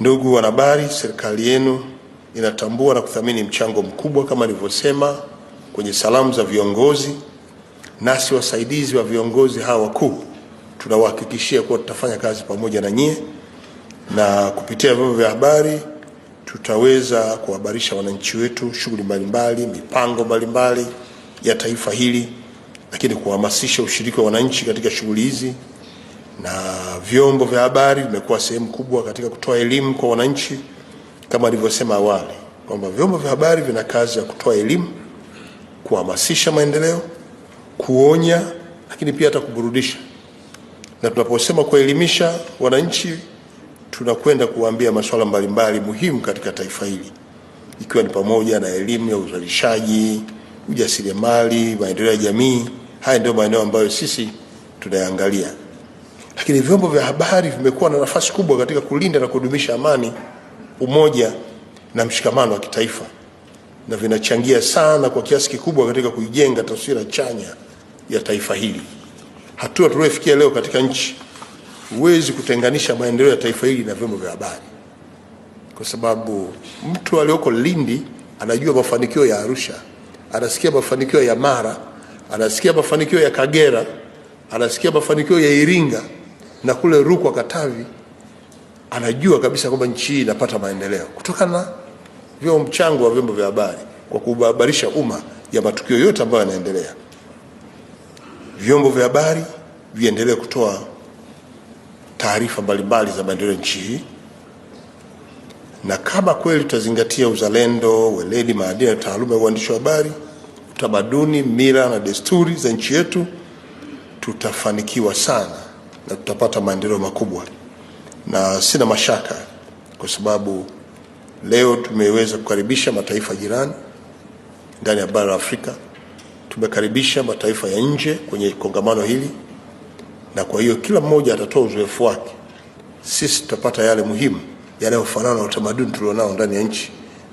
Ndugu wanahabari, serikali yenu inatambua na kuthamini mchango mkubwa kama nilivyosema kwenye salamu za viongozi, nasi wasaidizi wa viongozi hawa wakuu tunawahakikishia kuwa tutafanya kazi pamoja na nyie, na kupitia vyombo vya habari tutaweza kuhabarisha wananchi wetu shughuli mbalimbali, mipango mbalimbali ya taifa hili, lakini kuhamasisha ushiriki wa wananchi katika shughuli hizi na vyombo vya habari vimekuwa sehemu kubwa katika kutoa elimu kwa wananchi, kama alivyosema awali kwamba vyombo vya habari vina kazi ya kutoa elimu, kuhamasisha maendeleo, kuonya, lakini pia hata kuburudisha. Na tunaposema kuelimisha wananchi, tunakwenda kuwaambia masuala mbalimbali muhimu katika taifa hili, ikiwa ni pamoja na elimu ya uzalishaji, ujasiriamali, maendeleo ya jamii. Haya ndio maeneo ambayo sisi tunayaangalia lakini vyombo vya habari vimekuwa na nafasi kubwa katika kulinda na kudumisha amani, umoja na mshikamano wa kitaifa na vinachangia sana kwa kiasi kikubwa katika kuijenga taswira chanya ya taifa hili. Hatua tuliyofikia leo katika nchi, huwezi kutenganisha maendeleo ya taifa hili na vyombo vya habari, kwa sababu mtu aliyoko Lindi anajua mafanikio ya Arusha, anasikia mafanikio ya Mara, anasikia mafanikio ya Kagera, anasikia mafanikio ya Iringa na kule Rukwa Katavi, anajua kabisa kwamba nchi hii inapata maendeleo kutokana na vyo mchango wa vyombo vya habari kwa kuhabarisha umma ya matukio yote ambayo yanaendelea. Vyombo vya habari viendelee kutoa taarifa mbalimbali za maendeleo nchi hii, na kama kweli tutazingatia uzalendo, weledi, maadili ya taaluma ya uandishi wa habari, utamaduni, mila na desturi za nchi yetu, tutafanikiwa sana na tutapata maendeleo makubwa, na sina mashaka kwa sababu leo tumeweza kukaribisha mataifa jirani ndani ya bara la Afrika, tumekaribisha mataifa ya nje kwenye kongamano hili, na kwa hiyo kila mmoja atatoa uzoefu wake. Sisi tutapata yale muhimu yanayofanana na utamaduni tulionao ndani ya nchi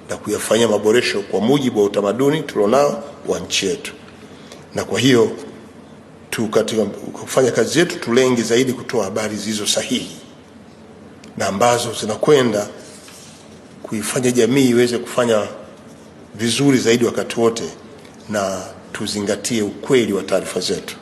na kuyafanyia maboresho kwa mujibu wa utamaduni tulionao wa nchi yetu, na kwa hiyo tu katika kufanya kazi yetu tulenge zaidi kutoa habari zilizo sahihi na ambazo zinakwenda kuifanya jamii iweze kufanya vizuri zaidi wakati wote, na tuzingatie ukweli wa taarifa zetu.